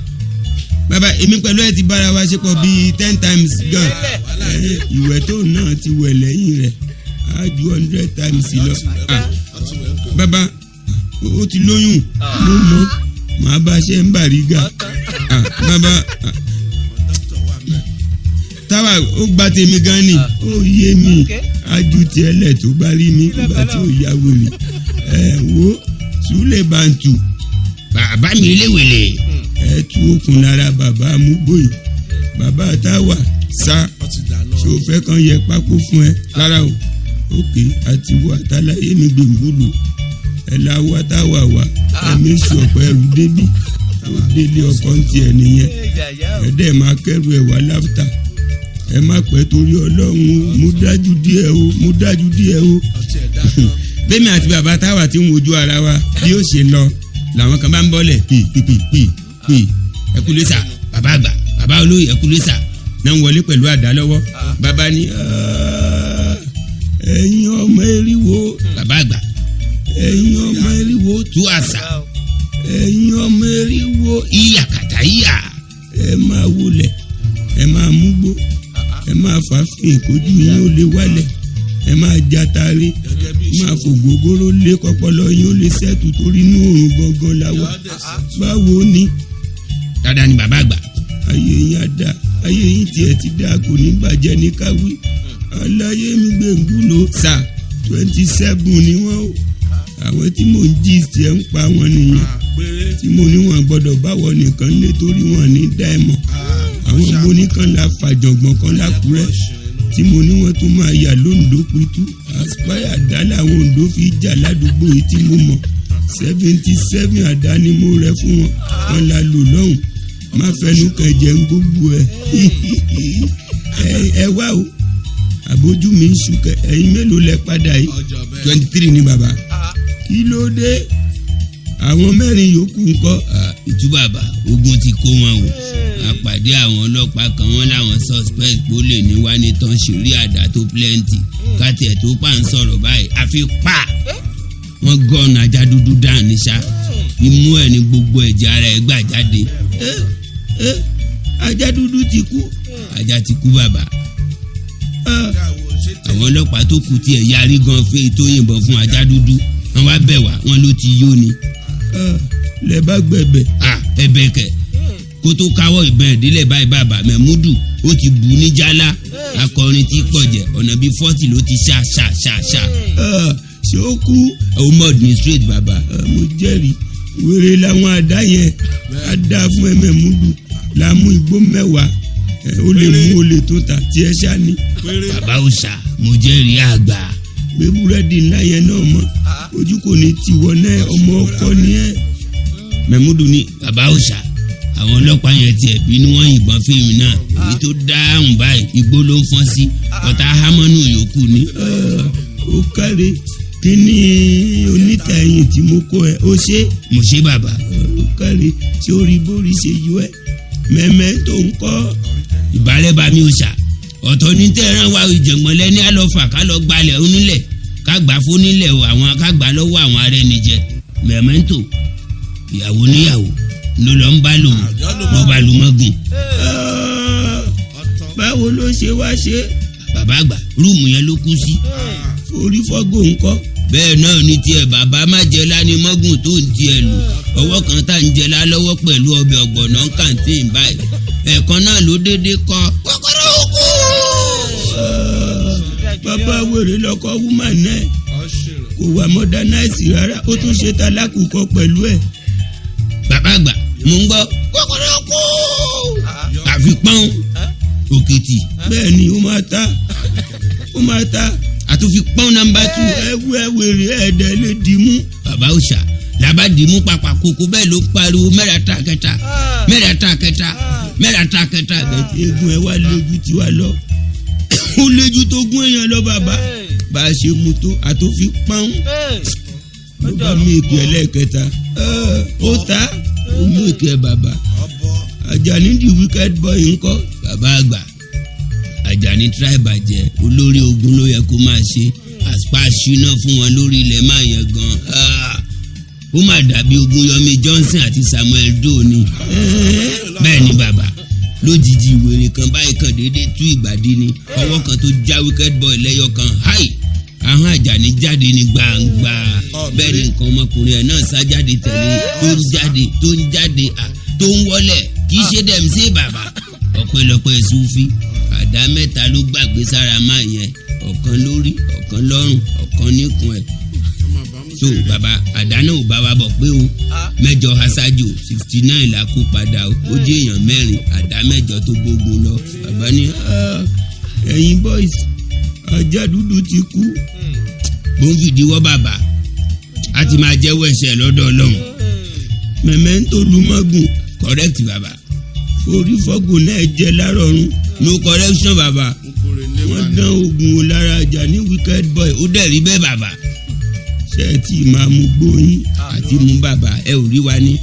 baba, èmi pẹ̀lú ẹ ti bára wa ṣe pọ̀ bíi ten times gan ìwẹ̀ tó náà ti wẹ̀ lẹ́yìn rẹ̀ á ju hundred times lọ ah baba ó ti lóyún ló mọ màá bá ṣe ń bàrígà bàbá táwa ó gba tèmi gan ni ó yé mi ájú tiẹ̀ lẹ̀ tó bá rí mi nígbà tí ó yá wèrè ẹ wo sùúlẹ̀ bàǹtù bàbá mi léwèlè ẹ tú okùn lára bàbá amúgbòyì bàbá táwa sá ṣó fẹ́ kàn yẹ pákó fún ẹ rárá o òkè àti wo àtàlàyé mi gbèmí lò ẹ̀là wa tá wà wá ẹ̀mí sùn ọ̀pẹ ẹrù débì délé ọkọ̀ ń tiẹ̀ nìyẹn ẹ̀dẹ̀ máa kẹ́rù ẹ̀ wá láfta ẹ má pẹ́ torí ọlọ́run mú dájú díẹ̀ o mú dájú díẹ̀ o bẹ́ẹ̀mi àti bàbá táwa ti ń wojú ara wa bí ó ṣe lọ làwọn kan bá ń bọ́lẹ̀ pè pè pè pè pè ẹkúlé sà bàbá àgbà bàbá olóyè ẹkúlé sà náà ń wọlé pẹ̀lú àdá lọ́wọ́ bàbá ní ẹ̀yin ọmọ eriwo ẹ̀yin ọmọ eriwo tú àṣà ẹ̀yin ọmọ eriwo ìyà kàtà ìyà ẹ máa wọlẹ̀ ẹ máa múgbó ẹ máa fàáfin ìkójú yín ó lè wálẹ̀ ẹ máa jatare máa fògógóró lé kọpọlọ yín ó lè sẹ́tù torí inú òòrùn gangan la báwo ni. dáadáa ni bàbá àgbà. ayé yín á dáa ayé yín tiẹ̀ ti dáa kò ní bàjẹ́ ní káwí aláyé mi gbẹ̀ngùn ló. sáà twenty seven ni wọ́n o àwọn tí mò ń jí ìsì ẹ̀ ń pa wọn nìyẹn tí mo ní wọn gbọ́dọ̀ báwọ nìkan lé torí wọn ní dáìmọ̀ àwọn mo la fàjọ̀gbọ̀n kan lákùrẹ́ tí mo ní wọn tún máa yà lóńdó pitú aspire àdá làwọn òǹdó fi jà ládùúgbò yìí tí mo mọ̀ seventy seven àdá ni mo rẹ fún wọn wọn la lò lọ́hùn má fẹnu kẹjẹ ń gbogbo ẹ ẹ wá o àbójú mi ń sùn ẹyin mélòó lẹ padà yìí twenty three ni bàbá kí ló dé àwọn mẹ́rin yòókù ńkọ́ ìtúbàbà ogun ti kó wọn o àpàdé àwọn ọlọ́pàá kan wọ́n láwọn suspect kó lè ní wá ní tán ṣeré àdá tó plenty káti ẹ̀ tó pa ń sọ̀rọ̀ báyìí àfi pa wọ́n gọ́ọ̀nù ajá dúdú dáhùn ní sá imú ẹ̀ ní gbogbo ẹ̀jẹ̀ ara ẹ̀ gbà jáde ajá dúdú ti kú ajá ti kú bàbá àwọn ọlọ́pàá tó kù tiẹ̀ yarí gan fẹ́ tó yìnbọn fún ajá dúdú. Yeah wọn wá bẹ̀ wá wọn ló ti yó ni. Ah, lẹ bá gbẹbẹ. Ah, ẹ̀bẹ̀ kẹ kó tó káwọ́ ìbọn ìdílé báyìí bàbá mẹ́múdù ó ti bù ní jálá akọrin tí pọ̀ jẹ́ ọ̀nà bíi fọ́tì ló ti ṣá ṣá ṣá ṣá. Ah, ṣé ó kú. òun mọ̀ administrate bàbá. mo jẹ́rìí wèrè làwọn àdá yẹn á dá fún ẹ mẹ́múdù làmú igbó mẹ́wàá eh, ó lè mú olè tó ta tí ṣá ni. bàbá òòṣà mo jẹ́rìí àgbà gbé búrẹ́dì ńlá yẹn náà mọ́ ojú kò ní tiwọ́ náà ọmọ ọkọ ni ẹ́. mẹ́múdù ni bàbá òòṣà àwọn ọlọ́pàá yẹn tiẹ̀ bínú wọn yìnbọn fíìmù náà èyí tó dáhùn báyìí igbó ló ń fọ́n sí ọ̀tá hámọ́nù yòókù ni. ó káre kí ni oníta ẹyin tí mo kó ẹ ó ṣe. mo ṣe bàbá. ó káre ṣé orí bórí ṣe yọ ẹ mẹ́mẹ́ tó ń kọ́. ìbálẹ̀ bá mi òòṣà ọ̀tọ̀ ní tẹ́ran wa ìjọ̀gbọ̀nlẹ̀ ní àlọ́fà ká lọ gbalẹ̀ onílẹ̀ ká gbà fónílẹ̀ àwọn ká gbà lọ́wọ́ àwọn ará ẹni jẹ mẹ̀mẹ́ntò ìyàwó níyàwó ló lọ ń bá lò ló bá lò mọ́gùn. báwo ló ṣe wá ṣe. bàbá àgbà rúùmù yẹn ló kú sí. forí fọ́gò ńkọ́. bẹ́ẹ̀ náà ni tiẹ̀ bàbá má jẹ lání mọ́gùn tó ń tiẹ̀ lò ọwọ́ kan tá ń jẹ lálọ́wọ́ pẹ̀lú ọbẹ̀ ọ̀gbọ̀nà kàǹtìn báyìí ẹ̀ẹ̀kan náà ló déédéé kọ́ kọ́kọ́rọ́ òkú bàbá wèrè lọkọ woman náà kò wà modernize rárá ó tún ṣe talákùkọ pẹ̀lú ẹ̀. bàbá àgbà mò ń gbọ́ kọ́kọ́rọ́ kó àfi pọ́n òkìtì. bẹ́ẹ̀ ni ó máa ta ó máa ta. àtúnfi pọ́n nàmbà tù. ẹ wú ẹ wèrè ẹ̀ẹ́dẹ̀ lè dìímú. bàbá òòṣà làbá dìímú papà koko bẹ́ẹ̀ ló pariwo mẹ́ra ta kẹta mẹ́ra ta kẹta mẹ́ra ta kẹta. Ah. egun ẹ wá lójú tiwa lọ ó lójú tó gún èèyàn lọ bàbá bá a ṣe mu tó àtòfin pọ́n ló bá mú èkó ẹlẹ́ẹ̀kẹta ó ta ó mú èkó ẹ bàbá Àjàní di wicked boy ńkọ́ bàbá àgbà Àjàní tribe àjẹ olórí ogun ló yẹ kó máa ṣe àpàṣù náà fún wọn lórí ilẹ̀ máa yẹn gan ah. ó mà dàbí Ògúnyọmí Johnson àti Samuel Doe ni bẹ́ẹ̀ ni bàbá lójijì ìwèrè kan báyìí kan déédéé tú ìgbàdí ni ọwọ́ kan tó já wicked boy lẹ́yọ kan háì ahọ́n àjàní jáde ní gbangba bẹ́ẹ̀ ni nǹkan ọmọkùnrin ẹ̀ náà sá jáde tẹ̀lé tó ń jáde tó ń jáde tó ń wọlé kì í ṣe dẹ̀m sí bàbá ọ̀pẹ̀lọpẹ̀ sufi àdá mẹ́ta ló gbàgbé sára máa yẹn ọ̀kan lórí ọ̀kan lọ́rùn ọ̀kan níkùn ẹ̀ so baba àdáná ò bá wa bọ̀ pé o mẹ́jọ aṣáájú sixty nine la kó padà o ó jẹ́ èèyàn mẹ́rin àdá mẹ́jọ tó gbógun lọ baba ni ah, ẹ̀yin boys ajá dúdú ti kú gbóǹfìdíwọ́ hmm. bàbá a ti máa jẹ́wọ́ ẹ̀ṣẹ̀ lọ́dọ̀ ọlọ́run mẹ̀mẹ́ńtò lumọ́gùn correct bàbá orí fọ́gùn náà jẹ́ lárọ̀rùn no correction bàbá wọ́n dán oògùn o lára ajá ní wicked boy ó dẹ̀ rí bẹ́ẹ̀ bàbá ṣé ẹ ti máa mú gbóyún ah, àti mú bàbá ẹ ò rí wa ní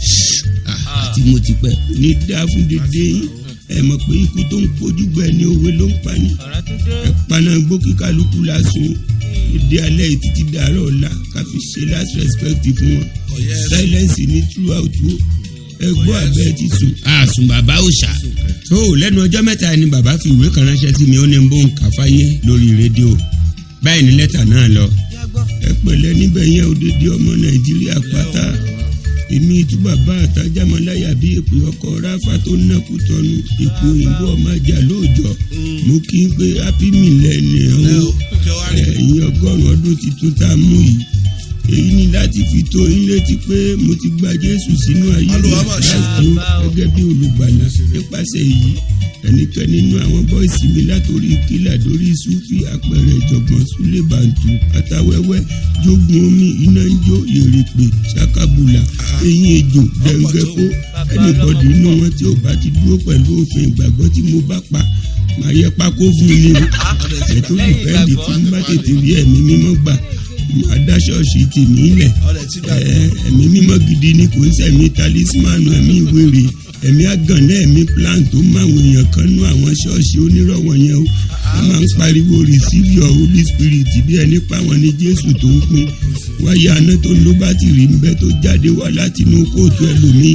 ah, ah. àti mo ti pẹ́ ní dáfún dédé yín ẹ mọ̀ pé ikú tó ń kojú gbẹ ní òwe ló ń pa ní ẹ paná gbó lásán èdè alẹ́ yìí títí dàárọ̀ ọ̀la ká fi ṣe last respect fún wọn oh, silence ní throughout o oh, ẹ gbọ́ abẹ́ ti sùn àsùn bàbá òòṣà tó lẹ́nu ọjọ́ mẹ́ta ni bàbá fi ìwé kan ránṣẹ́ sí mi ó ní bó ń kà fáyé lórí rédíò báyìí ní lẹ́tà náà lọ ẹ pẹ̀lẹ́ níbẹ̀ yẹn òdèdè ọmọ nàìjíríà pátá èmi tú bàbá àtàjàmọ́láyà bí èpè ọkọ ráfà tó ná kú tọnu èpè òyìnbó ọmọ ajá lóòjọ́ mo kí n pé happy millennium ẹ̀yìn ọgọ́rùn-ún ọdún tuntun tá a mú yìí èyí ni láti fi tó yín létí pé mo ti gba jésù sínú ayé mi láti tó gẹ́gẹ́ bí olùgbàlà nípasẹ̀ èyí ẹnìkan nínú àwọn bọ́ìsì mi látòrí kílà dórí sufi àpẹẹrẹ ìjọ̀gbọ̀n sulé bantu àtàwẹ́wẹ́ jogun omi iná ń jó ìrèpè ṣàkàbùlà eyín ejò dẹ̀ǹgẹ̀fó ẹnìbọ̀dì inú wọn tí ò bá ti dúró pẹ̀lú òfin ìgbàgbọ́ tí mo bá pa màá yẹ pákó fún mi o ètò ìfẹ́ǹdì tí n bá tètè rí ẹ̀mí mímọ́ gbà màá dá ṣọ́ọ̀ṣì tèmi lẹ̀ ẹ̀mí mímọ́ gidi ni kò ń sẹ̀mí talismanu ẹ̀mí wèrè èmi àgànlẹ̀ mi plan tó mọ àwọn èèyàn kan nú àwọn ṣọ́ọ̀ṣì onírọ̀wọ̀ yẹn o wọ́n máa ń pariwo receive your holy spirit bí ẹni pa wọn ní jésù tó ń pín wáyé aná tó ló bá ti rí nbẹ tó jáde wá láti inú kóòtù ẹlòmíì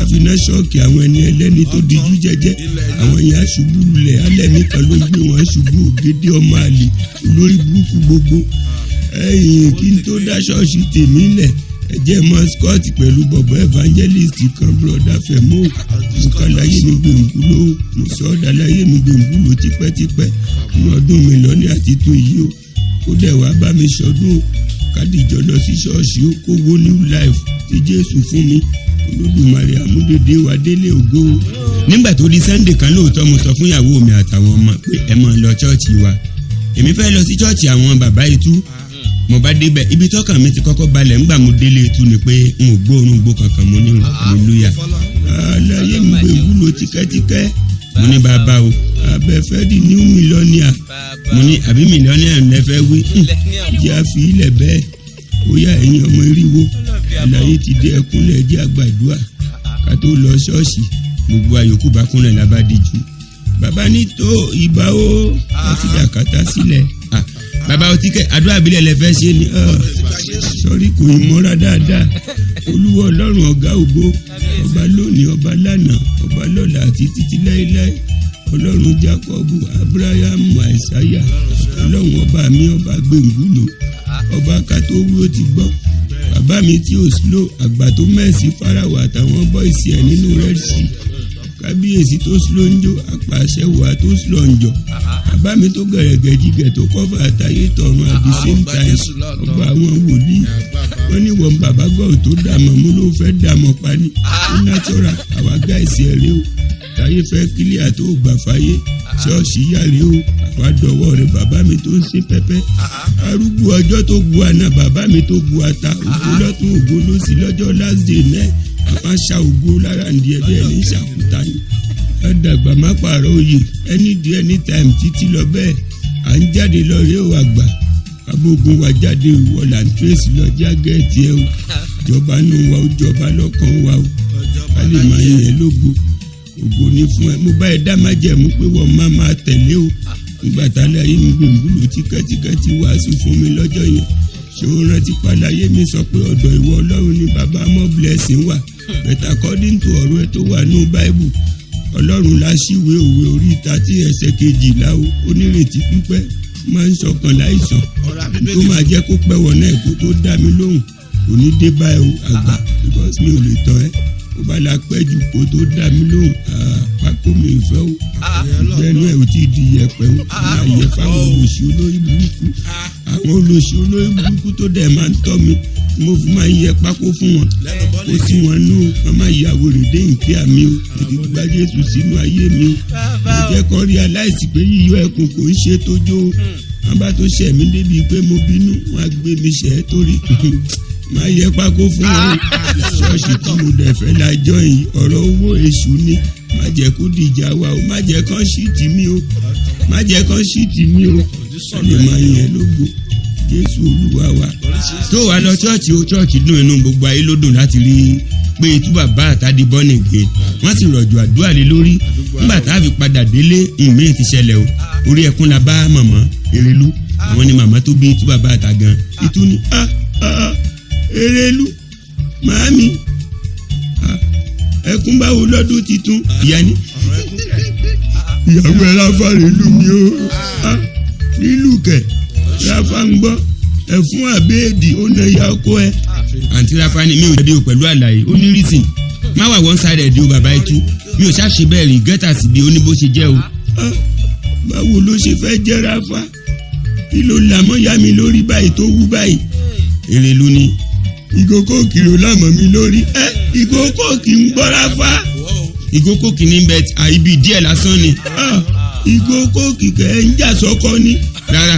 àfiná ṣọ́ọ̀kì àwọn ẹni ẹlẹ́ni tó dijú jẹ́jẹ́ àwọn yẹn aṣubú lulẹ̀ alẹ́ mi kan ló gbé wọn ṣubú ògidì ọmọ àlè olórí burúkú gbogbo ẹ̀yìn kí n tó dá ṣọ́ọ̀ṣì tèmi lẹ̀ ẹ jẹ́ mọ́ scott pẹ̀lú bọ̀bọ̀ evangelist kan broda fẹ̀mú nǹkan láyé mi gbòǹgbòlò mùsọ̀ọ́dà láyé mi gbòǹgbòlò tipẹ́tipẹ́ ní ọdún mi lọ́ní àti tún yìí o kó dẹ̀ wá bá mi sọdún kádìjọ lọ sí ṣọ́ọ̀ṣì ó new life tí jésù fún mi olódùmarè àmúdòdé wa délé ògo. nígbà tó di sunday kan lóòótọ́ mo sọ fún ìyàwó mi àtàwọn ọmọ pé ẹ máa lọ ṣọ́ọ̀ṣì wa èmi fẹ́ lọ sí ṣọ́ọ̀ṣì àwọn bàbá itú mo bá débẹ̀ ibi tọ́kàn mi ti kọ́kọ́ balẹ̀ ńgbà mo délé tu ni pé n ò gbóòórùn gbó kankan ah, ah, mo ní aleluya alaye mi gbé wúlò tikẹ́tikẹ́ mo ní bàbá o abẹ́fẹ́ di new millionaire mo ní àbí millionaire ń lẹ́fẹ́ wí jẹ́ àfi ilẹ̀ bẹ́ẹ̀ ó yá ẹ̀yin ọmọ eriwo alaye ti dé ẹkúnlẹ̀ jẹ́ àgbàdua ká tó lọ ṣọ́ọ̀ṣì gbogbo àyòkù bá kúnlẹ̀ labádìjú bàbá ní tó ìbá o ti dàkátà ah. sílẹ̀. Si bàbá o ti kẹ́ àdúrà bílẹ̀ lẹ fẹ́ ṣe ni ah, sọrí kò í mọ́ra dáadáa olúwa ọlọ́run ọ̀gá ògo ọba lónìí ọba lánàá ọba lọ́la àti títí láéláé ọlọ́run jacobu abrahamu àìsáyà ọlọ́run ọba mi ọba gbẹ̀ngúlò ọba kátó wúrò ti gbọ́ bàbá mi tí ò sílò àgbà tó mẹ́sì farawa àtàwọn bọ́ìsì ẹ̀ nínú rẹ́ẹ̀sì kábíyèsí tó sílóńjó apàṣẹwà tó sílọ̀njọ bàbá mi tó gẹ̀rẹ́gẹ̀dígẹ̀ tó kọ́fà àtàyè tọ̀run at the same time ọba àwọn wòlíì wọ́n ní wọ́n bàbá gọ́ọ̀ tó dààmú mú ló fẹ́ dààmú pani ní natural àwa gáìsì ẹ̀ rèé o táyé fẹ́ kílíà tó gbà fáyé ṣọ́ọ̀ṣì yàrá o àfàdọ̀wọ́ rẹ bàbá mi tó ń ṣe pẹ́pẹ́ arúgbó ọjọ́ tó bu àná bàbá mi tó bu ata ògbólọ́tún ògbólósì lọ́jọ́ last náà a máa ṣa ògo lára ń díẹ̀ bẹ́ẹ̀ ní ṣàkúta yìí a dàgbà má pààrọ̀ òye ẹni díẹ̀ ní táìmù títí lọ bẹ́ẹ̀ à ń jáde lọ rí o àgbà abógun wa jáde ìwọ ń tírèsì lọ jágẹ́ẹ̀tì ẹ o ìjọba nù wa ó jọba lọ́kàn wa o ká lè máa yẹ lógo ògo ní fún ẹ mo bá ẹ dá má jẹ̀mú pé wọ́n má máa tẹ̀lé o ìgbà tá a lè yí mi gbèǹgbùlù wàásù fún mi lọ́jọ́ yẹn ṣé o rántí pàdáyé mi sọ pé ọ̀dọ̀ ìwọ ọlọ́run ni bàbá mọ́ blessing wà but according to ọ̀rọ̀ ẹ tó wà ní báìbù ọlọ́run la ṣíwèé òwe orí thirty ẹsẹ̀ kejìlá o onírètí pípẹ́ máa ń sọkàn láìsàn tó máa jẹ́ kó pẹ́wọ̀ náà kó tó dá mi lóhùn kò ní dé báyìí o àgbà because mi ò lè tọ́ ẹ ó bá la pẹ́ jù kó tó dá mi lóhùn pákó mi fẹ́ o gbẹnu ẹ̀ ò tí ì di yẹpẹ̀ o àyè fáwọn olóṣì olórí burúkú àwọn olóṣì olórí burúkú tó dẹ̀ máa ń tọ́ mi mo fi máa yẹ pákó fún wọn kó sí wọn nú wọn máa yẹ dé ìpín àmì o tètè gba Jésù sínú ayé mi o jẹ́ kó rí aláìsí pé yíyọ ẹkùn kò ń ṣe tójó o hmm. wọn bá tó ṣẹ̀ débi pé mo bínú wọn á gbé mi ṣẹ́ torí. máa yẹ pákó fún wọn ṣọ́ọ̀ṣì tí mo dẹ̀ fẹ́ lájọ́ yìí ọ̀rọ̀ owó èṣù ni má jẹ́ kó dìjà wa o má jẹ́ kán ṣíìtì mi o má jẹ́ kán ṣíìtì mi o ẹni máa yẹn lógo jésù olúwa wa. tó wàá lọ ṣọ́ọ̀ṣì o ṣọ́ọ̀ṣì dùn inú gbogbo ayé ló dùn láti rí i pé tú bàbá àtàdé bọ́nìgè wọ́n sì rọ̀jò àdúrà lé lórí nígbà tá a fi padà délé ìmí ti ṣẹlẹ̀ o orí ẹkún la bá màmá èrèlú àwọn ni màmá tó bí tú bàbá àtàgàn ìtúni ah ah, ah erelu màámi ah, ẹkún báwo lọ́dún titun ìyá ni ìyàwó ẹ láfa rèlú ni ó ah, lílù kẹ láfa ń gbọ́ ẹ̀fún àbẹ́ẹ̀dì ó nà ya ọkọ ẹ. àǹtí láfa ni mi ò jẹ̀bi o pẹ̀lú àlàyé ó ní rìsìn má wà wọ́n sáré ẹ̀dí o bàbá ẹtú mi ò ṣàṣe bẹ́ẹ̀ rí gẹ́tà sì di oníbó ṣe jẹ́ o. Ah, báwo ló ṣe fẹ́ jẹ́ ráfa kí ló làmọ́ yá mi lórí báyìí tó wú báyìí èrèlú ni ìgò kóòkì ló lámọ̀ mi lórí ẹ ìgò kóòkì ń gbọ́ra fa ìgò kóòkì ní bẹ́ẹ̀ tí àìbí díẹ̀ lásán ni ìgò kóòkì kẹ́ ń jà sọ́kọ ni rárá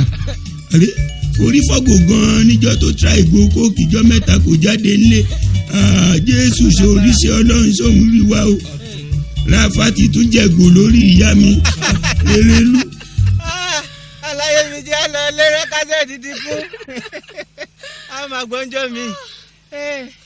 forífọ́gò gan-an níjọ́ tó tra ìgò kóòkì jọ́ mẹ́ta kò jáde nílé jésù ṣe oríṣi ọlọ́run sóhun rí wa o ráfa ti tún jẹ̀gò lórí ìyá mi lérelú. àlàyé mi jẹ́ lọ lérẹ́ kásẹ̀ dídí fún àmàgbọ́njọ́ mi. Mm.